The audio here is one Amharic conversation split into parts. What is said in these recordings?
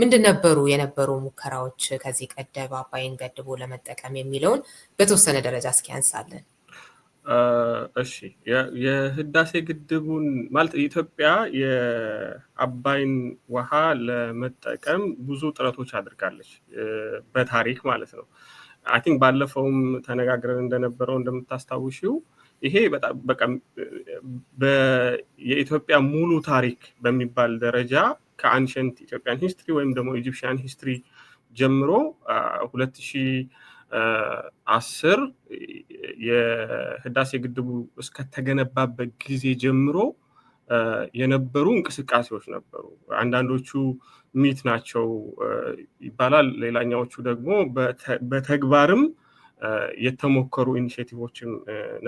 ምንድን ነበሩ የነበሩ ሙከራዎች ከዚህ ቀደም አባይን ገድቦ ለመጠቀም የሚለውን በተወሰነ ደረጃ እስኪ ያንሳለን። እሺ የህዳሴ ግድቡን ማለት ኢትዮጵያ የአባይን ውሃ ለመጠቀም ብዙ ጥረቶች አድርጋለች በታሪክ ማለት ነው። አይ ቲንክ ባለፈውም ተነጋግረን እንደነበረው እንደምታስታውሽው ይሄ በጣም በቃ የኢትዮጵያ ሙሉ ታሪክ በሚባል ደረጃ ከአንሸንት ኢትዮጵያን ሂስትሪ ወይም ደግሞ ኢጂፕሽያን ሂስትሪ ጀምሮ ሁለት ሺ አስር የህዳሴ ግድቡ እስከተገነባበት ጊዜ ጀምሮ የነበሩ እንቅስቃሴዎች ነበሩ። አንዳንዶቹ ሚት ናቸው ይባላል። ሌላኛዎቹ ደግሞ በተግባርም የተሞከሩ ኢኒሽቲቮችም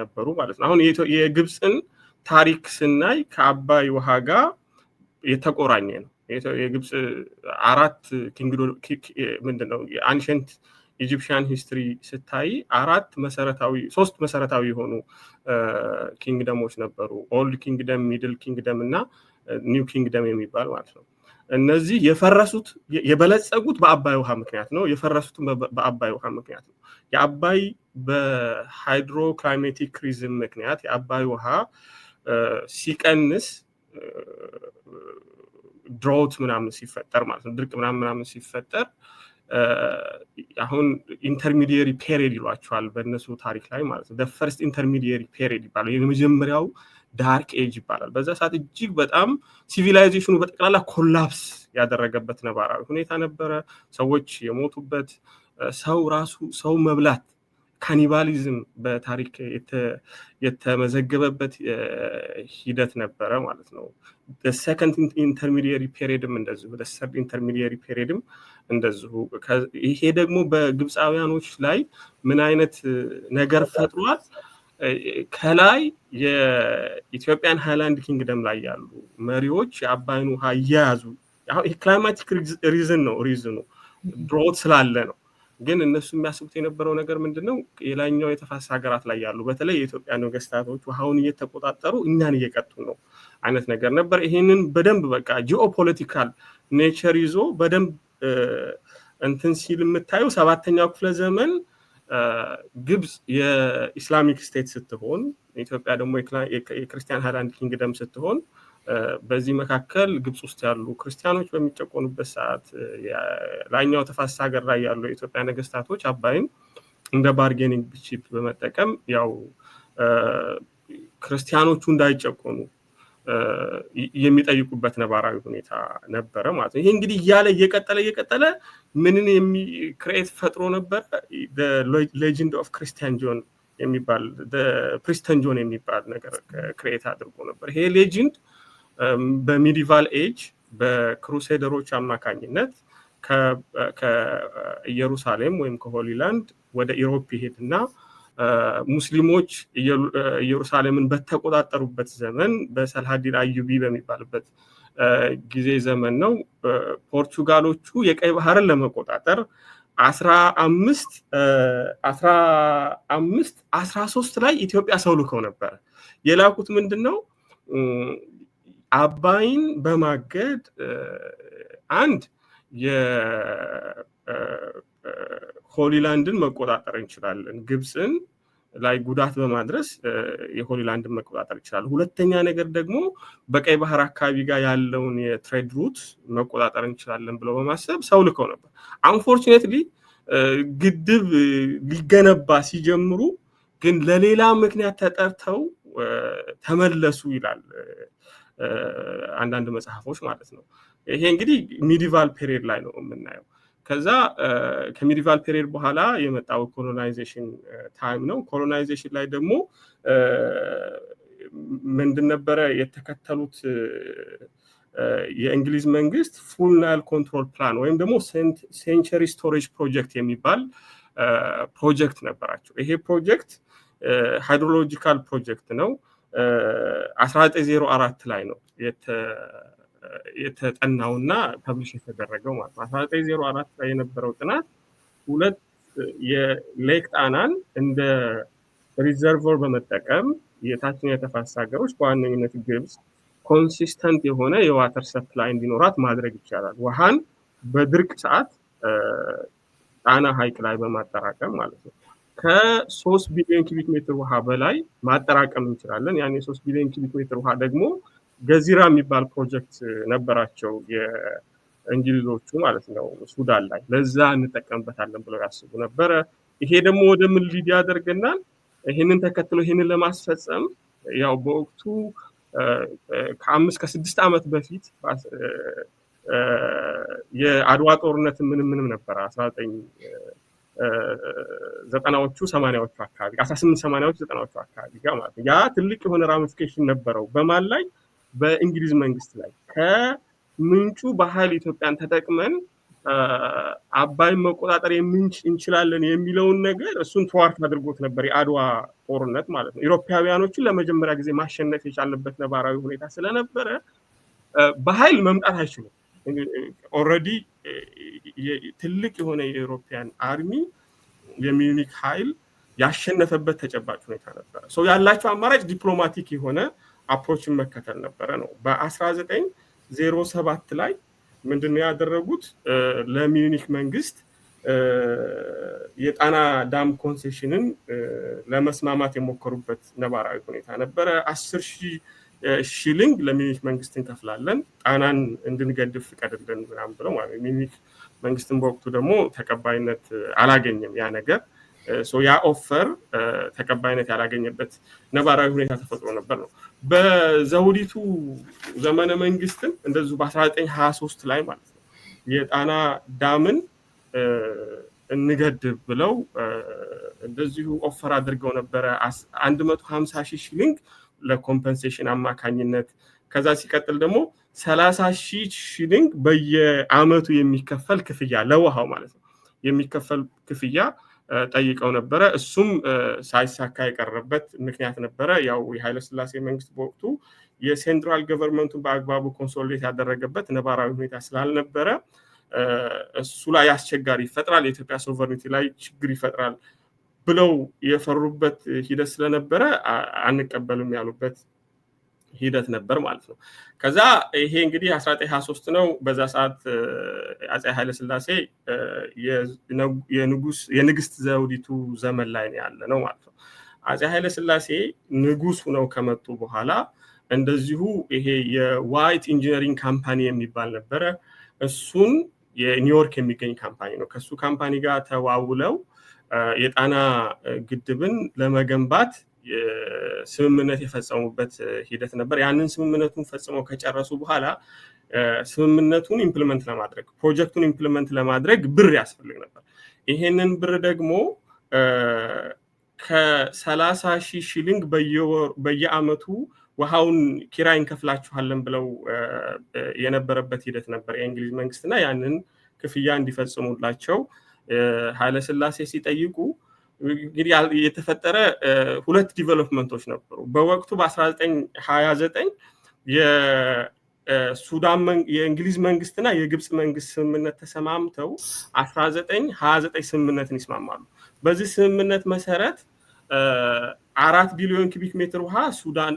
ነበሩ ማለት ነው። አሁን የግብፅን ታሪክ ስናይ ከአባይ ውሃ ጋር የተቆራኘ ነው። የግብፅ አራት ምንድን የአንሸንት ኢጂፕሽያን ሂስትሪ ስታይ አራት መሰረታዊ ሶስት መሰረታዊ የሆኑ ኪንግደሞች ነበሩ። ኦልድ ኪንግደም፣ ሚድል ኪንግደም እና ኒው ኪንግደም የሚባል ማለት ነው። እነዚህ የፈረሱት የበለጸጉት በአባይ ውሃ ምክንያት ነው። የፈረሱትም በአባይ ውሃ ምክንያት ነው። የአባይ በሃይድሮ ክላይሜቲክ ሪዝም ምክንያት የአባይ ውሃ ሲቀንስ ድሮውት ምናምን ሲፈጠር ማለት ነው ድርቅ ምናምን ምናምን ሲፈጠር አሁን ኢንተርሚዲየሪ ፔሪድ ይሏቸዋል በእነሱ ታሪክ ላይ ማለት ነው ፈርስት ኢንተርሚዲየሪ ፔሪድ ይባላል የመጀመሪያው ዳርክ ኤጅ ይባላል በዛ ሰዓት እጅግ በጣም ሲቪላይዜሽኑ በጠቅላላ ኮላፕስ ያደረገበት ነባራዊ ሁኔታ ነበረ ሰዎች የሞቱበት ሰው ራሱ ሰው መብላት ካኒባሊዝም በታሪክ የተመዘገበበት ሂደት ነበረ ማለት ነው። ሰከንድ ኢንተርሚዲየሪ ፔሪድም እንደዚሁ ሰርድ ኢንተርሚዲየሪ ፔሪድም እንደዚሁ። ይሄ ደግሞ በግብፃውያኖች ላይ ምን አይነት ነገር ፈጥሯል? ከላይ የኢትዮጵያን ሃይላንድ ኪንግደም ላይ ያሉ መሪዎች የአባይን ውሃ እየያዙ ይሄ ክላይማቲክ ሪዝን ነው ሪዝኑ ድሮት ስላለ ነው ግን እነሱ የሚያስቡት የነበረው ነገር ምንድን ነው? የላይኛው የተፋሰስ ሀገራት ላይ ያሉ በተለይ የኢትዮጵያ ነገስታቶች ውሃውን እየተቆጣጠሩ እኛን እየቀጡ ነው አይነት ነገር ነበር። ይህንን በደንብ በቃ ጂኦፖለቲካል ኔቸር ይዞ በደንብ እንትን ሲል የምታየው ሰባተኛው ክፍለ ዘመን ግብፅ የኢስላሚክ ስቴት ስትሆን ኢትዮጵያ ደግሞ የክርስቲያን ሃይላንድ ኪንግደም ስትሆን በዚህ መካከል ግብፅ ውስጥ ያሉ ክርስቲያኖች በሚጨቆኑበት ሰዓት ላይኛው ተፋሰስ ሀገር ላይ ያሉ የኢትዮጵያ ነገስታቶች አባይን እንደ ባርጌኒንግ ቺፕ በመጠቀም ያው ክርስቲያኖቹ እንዳይጨቆኑ የሚጠይቁበት ነባራዊ ሁኔታ ነበረ ማለት ነው። ይሄ እንግዲህ እያለ እየቀጠለ እየቀጠለ ምንን የሚክሬት ፈጥሮ ነበረ? ሌጀንድ ኦፍ ክርስቲያን ጆን የሚባል ፕሪስተን ጆን የሚባል ነገር ክሬት አድርጎ ነበር። ይሄ ሌጀንድ በሚዲቫል ኤጅ በክሩሴደሮች አማካኝነት ከኢየሩሳሌም ወይም ከሆሊላንድ ወደ ኢሮፕ ይሄድና ሙስሊሞች ኢየሩሳሌምን በተቆጣጠሩበት ዘመን በሰልሃዲን አዩቢ በሚባልበት ጊዜ ዘመን ነው። ፖርቹጋሎቹ የቀይ ባህርን ለመቆጣጠር አስራ አምስት አስራ አስራ ሶስት ላይ ኢትዮጵያ ሰው ልከው ነበር። የላኩት ምንድን ነው አባይን በማገድ አንድ የሆሊላንድን መቆጣጠር እንችላለን። ግብፅን ላይ ጉዳት በማድረስ የሆሊላንድን መቆጣጠር ይችላል። ሁለተኛ ነገር ደግሞ በቀይ ባህር አካባቢ ጋር ያለውን የትሬድ ሩት መቆጣጠር እንችላለን ብለው በማሰብ ሰው ልከው ነበር። አንፎርችኔትሊ ግድብ ሊገነባ ሲጀምሩ ግን ለሌላ ምክንያት ተጠርተው ተመለሱ ይላል አንዳንድ መጽሐፎች ማለት ነው። ይሄ እንግዲህ ሚዲቫል ፔሪየድ ላይ ነው የምናየው። ከዛ ከሚዲቫል ፔሪድ በኋላ የመጣው ኮሎናይዜሽን ታይም ነው። ኮሎናይዜሽን ላይ ደግሞ ምንድን ነበረ የተከተሉት? የእንግሊዝ መንግስት ፉል ናይል ኮንትሮል ፕላን ወይም ደግሞ ሴንቸሪ ስቶሬጅ ፕሮጀክት የሚባል ፕሮጀክት ነበራቸው። ይሄ ፕሮጀክት ሃይድሮሎጂካል ፕሮጀክት ነው። 1904 ላይ ነው የተጠናውና ፐብሊሽ የተደረገው ማለት ነው። 1904 ላይ የነበረው ጥናት ሁለት የሌክ ጣናን እንደ ሪዘርቨር በመጠቀም የታችኛው የተፋሰስ ሀገሮች በዋነኝነት ግብፅ ኮንሲስተንት የሆነ የዋተር ሰፕላይ እንዲኖራት ማድረግ ይቻላል። ውሃን በድርቅ ሰዓት ጣና ሀይቅ ላይ በማጠራቀም ማለት ነው። ከሶስት ቢሊዮን ኪቢክ ሜትር ውሃ በላይ ማጠራቀም እንችላለን። ያን የሶስት ቢሊዮን ኪቢክ ሜትር ውሃ ደግሞ ገዚራ የሚባል ፕሮጀክት ነበራቸው የእንግሊዞቹ ማለት ነው ሱዳን ላይ። ለዛ እንጠቀምበታለን ብለው ያስቡ ነበረ። ይሄ ደግሞ ወደ ምን ሊድ ያደርገናል? ይህንን ተከትሎ ይህንን ለማስፈጸም ያው በወቅቱ ከአምስት ከስድስት ዓመት በፊት የአድዋ ጦርነት ምንም ምንም ነበረ አስራ ዘጠኝ ዘጠናዎቹ ሰማኒያዎቹ አካባቢ አስራ ስምንት ሰማኒያዎቹ ዘጠናዎቹ አካባቢ ጋር ማለት ነው። ያ ትልቅ የሆነ ራሚፊኬሽን ነበረው። በማል ላይ? በእንግሊዝ መንግስት ላይ ከምንጩ ባህል ኢትዮጵያን ተጠቅመን አባይን መቆጣጠር እንችላለን የሚለውን ነገር እሱን ተዋርት አድርጎት ነበር የአድዋ ጦርነት ማለት ነው። ኢሮፓውያኖችን ለመጀመሪያ ጊዜ ማሸነፍ የቻለበት ነባራዊ ሁኔታ ስለነበረ በሀይል መምጣት አይችሉም። ኦረዲ ትልቅ የሆነ የኤሮፓያን አርሚ የሚዩኒክ ኃይል ያሸነፈበት ተጨባጭ ሁኔታ ነበረ። ሰው ያላቸው አማራጭ ዲፕሎማቲክ የሆነ አፕሮችን መከተል ነበረ ነው። በ1907 ላይ ምንድን ነው ያደረጉት? ለሚዩኒክ መንግስት የጣና ዳም ኮንሴሽንን ለመስማማት የሞከሩበት ነባራዊ ሁኔታ ነበረ። አስር ሺህ ሺሊንግ ለሚኒክ መንግስት እንከፍላለን ጣናን እንድንገድፍ ፍቀድልን ምናምን ብለው ሚኒክ መንግስትን በወቅቱ ደግሞ ተቀባይነት አላገኘም ያ ነገር ያ ኦፈር ተቀባይነት ያላገኘበት ነባራዊ ሁኔታ ተፈጥሮ ነበር ነው። በዘውዲቱ ዘመነ መንግስትም እንደዚሁ በ1923 ላይ ማለት ነው የጣና ዳምን እንገድብ ብለው እንደዚሁ ኦፈር አድርገው ነበረ 150 ሺህ ሺሊንግ ለኮምፐንሴሽን አማካኝነት ከዛ ሲቀጥል ደግሞ ሰላሳ ሺህ ሺሊንግ በየአመቱ የሚከፈል ክፍያ ለውሃው ማለት ነው የሚከፈል ክፍያ ጠይቀው ነበረ። እሱም ሳይሳካ የቀረበት ምክንያት ነበረ። ያው የኃይለስላሴ መንግስት በወቅቱ የሴንትራል ገቨርንመንቱን በአግባቡ ኮንሶሊዴት ያደረገበት ነባራዊ ሁኔታ ስላልነበረ እሱ ላይ አስቸጋሪ ይፈጥራል፣ የኢትዮጵያ ሶቨርኒቲ ላይ ችግር ይፈጥራል ብለው የፈሩበት ሂደት ስለነበረ አንቀበልም ያሉበት ሂደት ነበር ማለት ነው። ከዛ ይሄ እንግዲህ 1923 ነው። በዛ ሰዓት አፄ ኃይለስላሴ የንግስት ዘውዲቱ ዘመን ላይ ያለ ነው ማለት ነው። አፄ ኃይለስላሴ ንጉስ ሁነው ከመጡ በኋላ እንደዚሁ ይሄ የዋይት ኢንጂነሪንግ ካምፓኒ የሚባል ነበረ። እሱን የኒውዮርክ የሚገኝ ካምፓኒ ነው። ከሱ ካምፓኒ ጋር ተዋውለው የጣና ግድብን ለመገንባት ስምምነት የፈጸሙበት ሂደት ነበር። ያንን ስምምነቱን ፈጽመው ከጨረሱ በኋላ ስምምነቱን ኢምፕልመንት ለማድረግ ፕሮጀክቱን ኢምፕልመንት ለማድረግ ብር ያስፈልግ ነበር። ይሄንን ብር ደግሞ ከሰላሳ ሺህ ሺሊንግ በየአመቱ ውሃውን ኪራይ እንከፍላችኋለን ብለው የነበረበት ሂደት ነበር የእንግሊዝ መንግስትና ያንን ክፍያ እንዲፈጽሙላቸው ኃይለስላሴ ሲጠይቁ እንግዲህ የተፈጠረ ሁለት ዲቨሎፕመንቶች ነበሩ። በወቅቱ በ1929 የሱዳን የእንግሊዝ መንግስትና የግብፅ መንግስት ስምምነት ተሰማምተው 1929 ስምምነትን ይስማማሉ። በዚህ ስምምነት መሰረት አራት ቢሊዮን ኪቢክ ሜትር ውሃ ሱዳን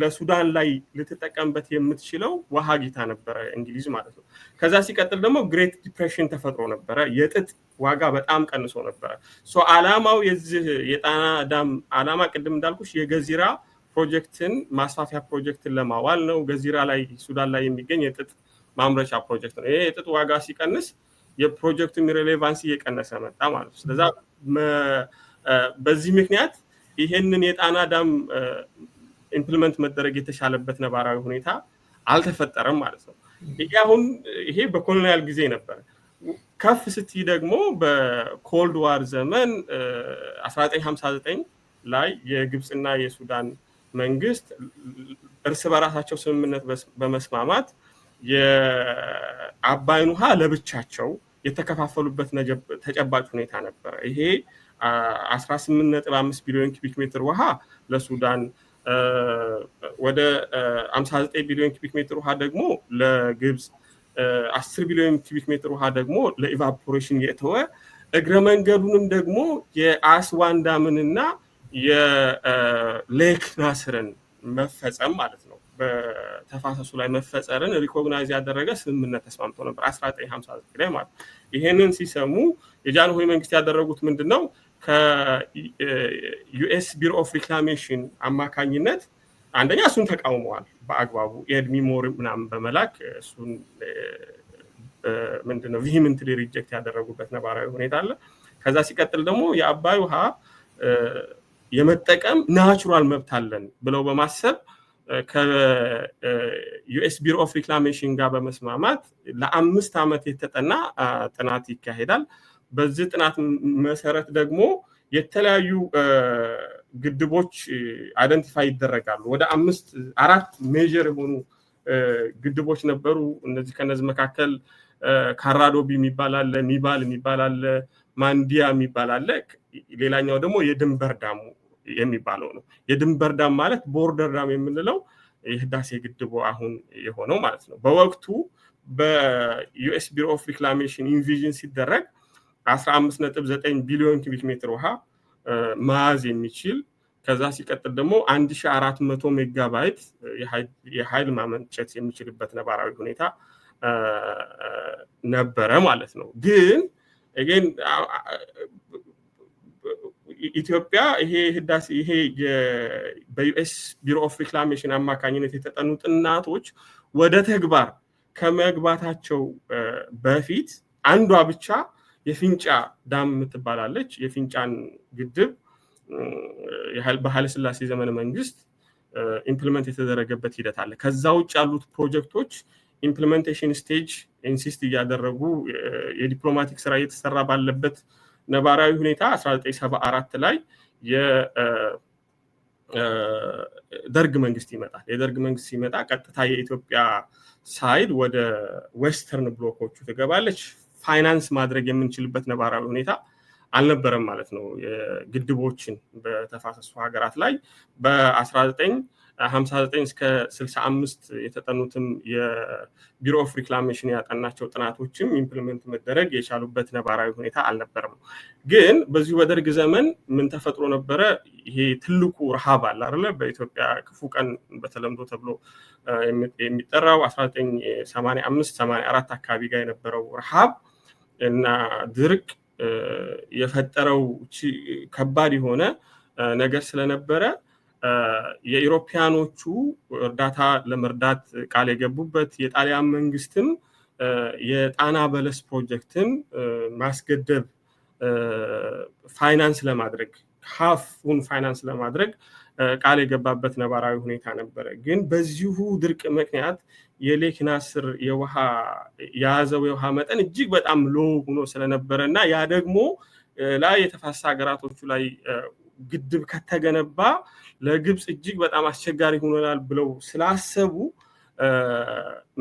ለሱዳን ላይ ልትጠቀምበት የምትችለው ውሃ ጌታ ነበረ እንግሊዝ ማለት ነው። ከዛ ሲቀጥል ደግሞ ግሬት ዲፕሬሽን ተፈጥሮ ነበረ። የጥጥ ዋጋ በጣም ቀንሶ ነበረ። አላማው የዚህ የጣና ዳም አላማ ቅድም እንዳልኩሽ የገዚራ ፕሮጀክትን ማስፋፊያ ፕሮጀክትን ለማዋል ነው። ገዚራ ላይ ሱዳን ላይ የሚገኝ የጥጥ ማምረቻ ፕሮጀክት ነው። ይሄ የጥጥ ዋጋ ሲቀንስ የፕሮጀክቱ ሬሌቫንስ እየቀነሰ መጣ ማለት ስለዛ በዚህ ምክንያት ይሄንን የጣና ዳም ኢምፕሊመንት መደረግ የተሻለበት ነባራዊ ሁኔታ አልተፈጠረም ማለት ነው። ይሄ አሁን ይሄ በኮሎኒያል ጊዜ ነበር። ከፍ ስትይ ደግሞ በኮልድ ዋር ዘመን 1959 ላይ የግብፅና የሱዳን መንግስት እርስ በራሳቸው ስምምነት በመስማማት የአባይን ውሃ ለብቻቸው የተከፋፈሉበት ተጨባጭ ሁኔታ ነበረ። ይሄ 18.5 ቢሊዮን ኪቢክ ሜትር ውሃ ለሱዳን ወደ 59 ቢሊዮን ኪቢክ ሜትር ውሃ ደግሞ ለግብፅ፣ 10 ቢሊዮን ኪቢክ ሜትር ውሃ ደግሞ ለኢቫፖሬሽን የተወ እግረ መንገዱንም ደግሞ የአስዋን ዳምንና የሌክ ናስርን መፈጸም ማለት ነው በተፋሰሱ ላይ መፈፀርን ሪኮግናይዝ ያደረገ ስምምነት ተስማምቶ ነበር 1959 ላይ ማለት ይህንን ሲሰሙ የጃንሆይ መንግስት ያደረጉት ምንድን ነው? ከዩኤስ ቢሮ ኦፍ ሪክላሜሽን አማካኝነት አንደኛ እሱን ተቃውመዋል። በአግባቡ የእድሜ ሞር ምናምን በመላክ እሱን ምንድነው ቪህምንት ሪጀክት ያደረጉበት ነባራዊ ሁኔታ አለ። ከዛ ሲቀጥል ደግሞ የአባይ ውሃ የመጠቀም ናቹራል መብት አለን ብለው በማሰብ ከዩኤስ ቢሮ ኦፍ ሪክላሜሽን ጋር በመስማማት ለአምስት ዓመት የተጠና ጥናት ይካሄዳል። በዚህ ጥናት መሰረት ደግሞ የተለያዩ ግድቦች አይደንቲፋይ ይደረጋሉ። ወደ አምስት አራት ሜጀር የሆኑ ግድቦች ነበሩ። እነዚህ ከነዚህ መካከል ካራዶቢ የሚባል አለ፣ ሚባል የሚባል አለ፣ ማንዲያ የሚባል አለ። ሌላኛው ደግሞ የድንበር ዳሙ የሚባለው ነው። የድንበር ዳም ማለት ቦርደር ዳም የምንለው የህዳሴ ግድቡ አሁን የሆነው ማለት ነው። በወቅቱ በዩኤስ ቢሮ ኦፍ ሪክላሜሽን ኢንቪዥን ሲደረግ 15.9 ቢሊዮን ኪቢክ ሜትር ውሃ መያዝ የሚችል ከዛ ሲቀጥል ደግሞ 1400 ሜጋባይት የኃይል ማመንጨት የሚችልበት ነባራዊ ሁኔታ ነበረ ማለት ነው። ግን ግን ኢትዮጵያ ይሄ ህዳሴ ይሄ በዩኤስ ቢሮ ኦፍ ሪክላሜሽን አማካኝነት የተጠኑ ጥናቶች ወደ ተግባር ከመግባታቸው በፊት አንዷ ብቻ የፊንጫ ዳም የምትባላለች የፊንጫን ግድብ በኃይለ ስላሴ ዘመነ መንግስት ኢምፕሊመንት የተደረገበት ሂደት አለ። ከዛ ውጭ ያሉት ፕሮጀክቶች ኢምፕሊመንቴሽን ስቴጅ ኢንሲስት እያደረጉ የዲፕሎማቲክ ስራ እየተሰራ ባለበት ነባራዊ ሁኔታ 1974 ላይ የደርግ መንግስት ይመጣል። የደርግ መንግስት ሲመጣ ቀጥታ የኢትዮጵያ ሳይድ ወደ ዌስተርን ብሎኮቹ ትገባለች። ፋይናንስ ማድረግ የምንችልበት ነባራዊ ሁኔታ አልነበረም ማለት ነው። ግድቦችን በተፋሰሱ ሀገራት ላይ በ1959 እስከ 65 የተጠኑትም የቢሮ ኦፍ ሪክላሜሽን ያጠናቸው ጥናቶችም ኢምፕሊመንት መደረግ የቻሉበት ነባራዊ ሁኔታ አልነበረም። ግን በዚሁ በደርግ ዘመን ምን ተፈጥሮ ነበረ? ይሄ ትልቁ ረሃብ አለ አለ በኢትዮጵያ ክፉ ቀን በተለምዶ ተብሎ የሚጠራው 1985 84 አካባቢ ጋር የነበረው ረሃብ እና ድርቅ የፈጠረው ከባድ የሆነ ነገር ስለነበረ የኢሮፓያኖቹ እርዳታ ለመርዳት ቃል የገቡበት የጣሊያን መንግስትም የጣና በለስ ፕሮጀክትን ማስገደብ ፋይናንስ ለማድረግ ሀፉን ፋይናንስ ለማድረግ ቃል የገባበት ነባራዊ ሁኔታ ነበረ። ግን በዚሁ ድርቅ ምክንያት የሌክ ናስር የውሃ የያዘው የውሃ መጠን እጅግ በጣም ሎ ሆኖ ስለነበረ እና ያ ደግሞ ላይ የተፋሰስ ሀገራቶቹ ላይ ግድብ ከተገነባ ለግብፅ እጅግ በጣም አስቸጋሪ ሆኖናል ብለው ስላሰቡ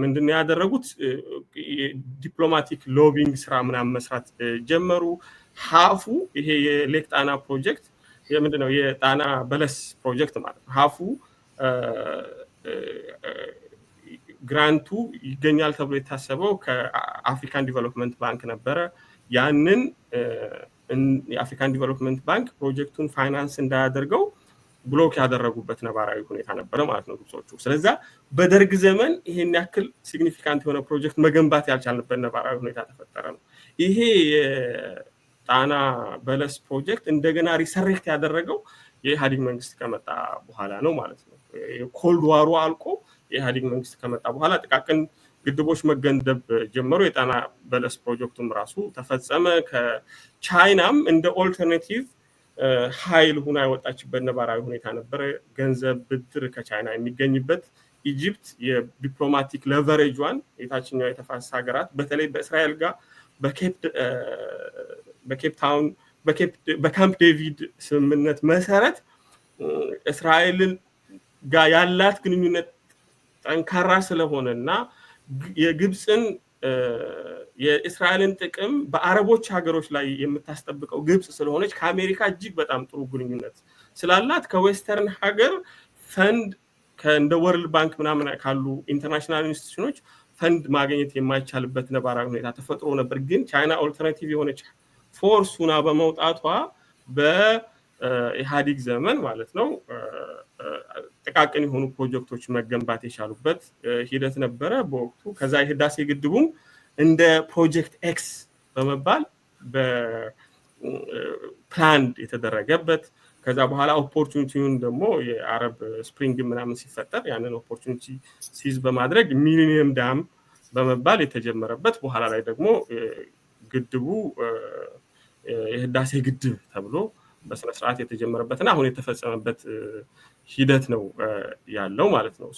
ምንድን ያደረጉት? ዲፕሎማቲክ ሎቢንግ ስራ ምናምን መስራት ጀመሩ። ሀፉ ይሄ የሌክ ጣና ፕሮጀክት ምንድነው የጣና በለስ ፕሮጀክት ማለት ነው። ሀፉ ግራንቱ ይገኛል ተብሎ የታሰበው ከአፍሪካን ዲቨሎፕመንት ባንክ ነበረ። ያንን የአፍሪካን ዲቨሎፕመንት ባንክ ፕሮጀክቱን ፋይናንስ እንዳያደርገው ብሎክ ያደረጉበት ነባራዊ ሁኔታ ነበረ ማለት ነው ግብጾቹ። ስለዛ በደርግ ዘመን ይሄን ያክል ሲግኒፊካንት የሆነ ፕሮጀክት መገንባት ያልቻልንበት ነባራዊ ሁኔታ ተፈጠረ ነው። ይሄ የጣና በለስ ፕሮጀክት እንደገና ሪሰሬክት ያደረገው የኢህአዴግ መንግስት ከመጣ በኋላ ነው ማለት ነው። ኮልድ ዋሩ አልቆ የኢህአዴግ መንግስት ከመጣ በኋላ ጥቃቅን ግድቦች መገንደብ ጀመሩ። የጣና በለስ ፕሮጀክቱም ራሱ ተፈጸመ። ከቻይናም እንደ ኦልተርኔቲቭ ኃይል ሁና የወጣችበት ነባራዊ ሁኔታ ነበረ። ገንዘብ ብድር ከቻይና የሚገኝበት ኢጅፕት የዲፕሎማቲክ ለቨሬጇን የታችኛው የተፋሰስ ሀገራት በተለይ በእስራኤል ጋር በኬፕ ታውን በካምፕ ዴቪድ ስምምነት መሰረት እስራኤልን ጋር ያላት ግንኙነት ጠንካራ ስለሆነና የግብፅን የእስራኤልን ጥቅም በአረቦች ሀገሮች ላይ የምታስጠብቀው ግብፅ ስለሆነች ከአሜሪካ እጅግ በጣም ጥሩ ግንኙነት ስላላት ከዌስተርን ሀገር ፈንድ እንደ ወርልድ ባንክ ምናምን ካሉ ኢንተርናሽናል ኢንስቲቱሽኖች ፈንድ ማግኘት የማይቻልበት ነባራዊ ሁኔታ ተፈጥሮ ነበር። ግን ቻይና ኦልተርናቲቭ የሆነች ፎርስ ሁና በመውጣቷ ኢህአዲግ ዘመን ማለት ነው ጥቃቅን የሆኑ ፕሮጀክቶች መገንባት የቻሉበት ሂደት ነበረ በወቅቱ። ከዛ የህዳሴ ግድቡም እንደ ፕሮጀክት ኤክስ በመባል በፕላንድ የተደረገበት ከዛ በኋላ ኦፖርቹኒቲውን ደግሞ የአረብ ስፕሪንግ ምናምን ሲፈጠር ያንን ኦፖርቹኒቲ ሲዝ በማድረግ ሚሊኒየም ዳም በመባል የተጀመረበት በኋላ ላይ ደግሞ ግድቡ የህዳሴ ግድብ ተብሎ በስነስርዓት የተጀመረበትና አሁን የተፈጸመበት ሂደት ነው ያለው ማለት ነው።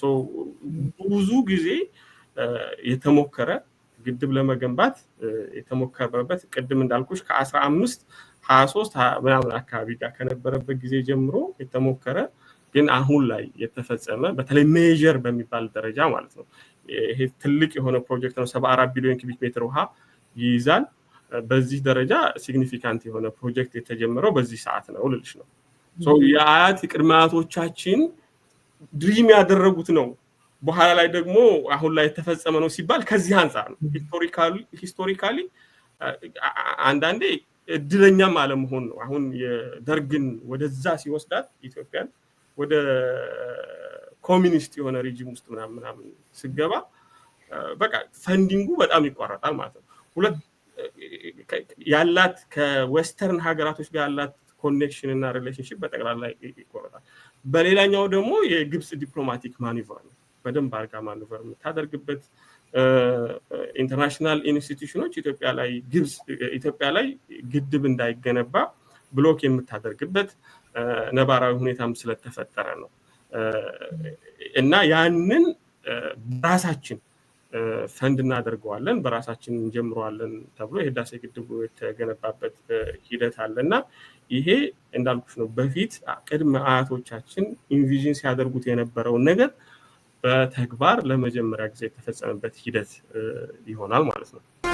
ብዙ ጊዜ የተሞከረ ግድብ ለመገንባት የተሞከረበት ቅድም እንዳልኩች ከአስራ አምስት ሀያ ሶስት ምናምን አካባቢ ጋር ከነበረበት ጊዜ ጀምሮ የተሞከረ ግን አሁን ላይ የተፈጸመ በተለይ ሜጀር በሚባል ደረጃ ማለት ነው። ይሄ ትልቅ የሆነ ፕሮጀክት ነው። ሰባ አራት ቢሊዮን ኪቢክ ሜትር ውሃ ይይዛል። በዚህ ደረጃ ሲግኒፊካንት የሆነ ፕሮጀክት የተጀመረው በዚህ ሰዓት ነው ልልሽ ነው። የአያት ቅድመ አያቶቻችን ድሪም ያደረጉት ነው። በኋላ ላይ ደግሞ አሁን ላይ የተፈጸመ ነው ሲባል ከዚህ አንጻር ነው። ሂስቶሪካሊ አንዳንዴ እድለኛም አለመሆን ነው። አሁን የደርግን ወደዛ ሲወስዳት ኢትዮጵያን ወደ ኮሚኒስት የሆነ ሬጅም ውስጥ ምናምን ምናምን ስገባ በቃ ፈንዲንጉ በጣም ይቋረጣል ማለት ነው። ያላት ከዌስተርን ሀገራቶች ጋር ያላት ኮኔክሽን እና ሪሌሽንሽፕ በጠቅላላ ይቆረጣል። በሌላኛው ደግሞ የግብፅ ዲፕሎማቲክ ማኒቨር ነው። በደንብ አርጋ ማኒቨር የምታደርግበት ኢንተርናሽናል ኢንስቲቱሽኖች ኢትዮጵያ ላይ ግብፅ ኢትዮጵያ ላይ ግድብ እንዳይገነባ ብሎክ የምታደርግበት ነባራዊ ሁኔታም ስለተፈጠረ ነው እና ያንን ራሳችን ፈንድ እናደርገዋለን፣ በራሳችን እንጀምረዋለን ተብሎ የህዳሴ ግድቡ የተገነባበት ሂደት አለ እና ይሄ እንዳልኩሽ ነው። በፊት ቅድመ አያቶቻችን ኢንቪዥን ሲያደርጉት የነበረውን ነገር በተግባር ለመጀመሪያ ጊዜ የተፈጸመበት ሂደት ይሆናል ማለት ነው።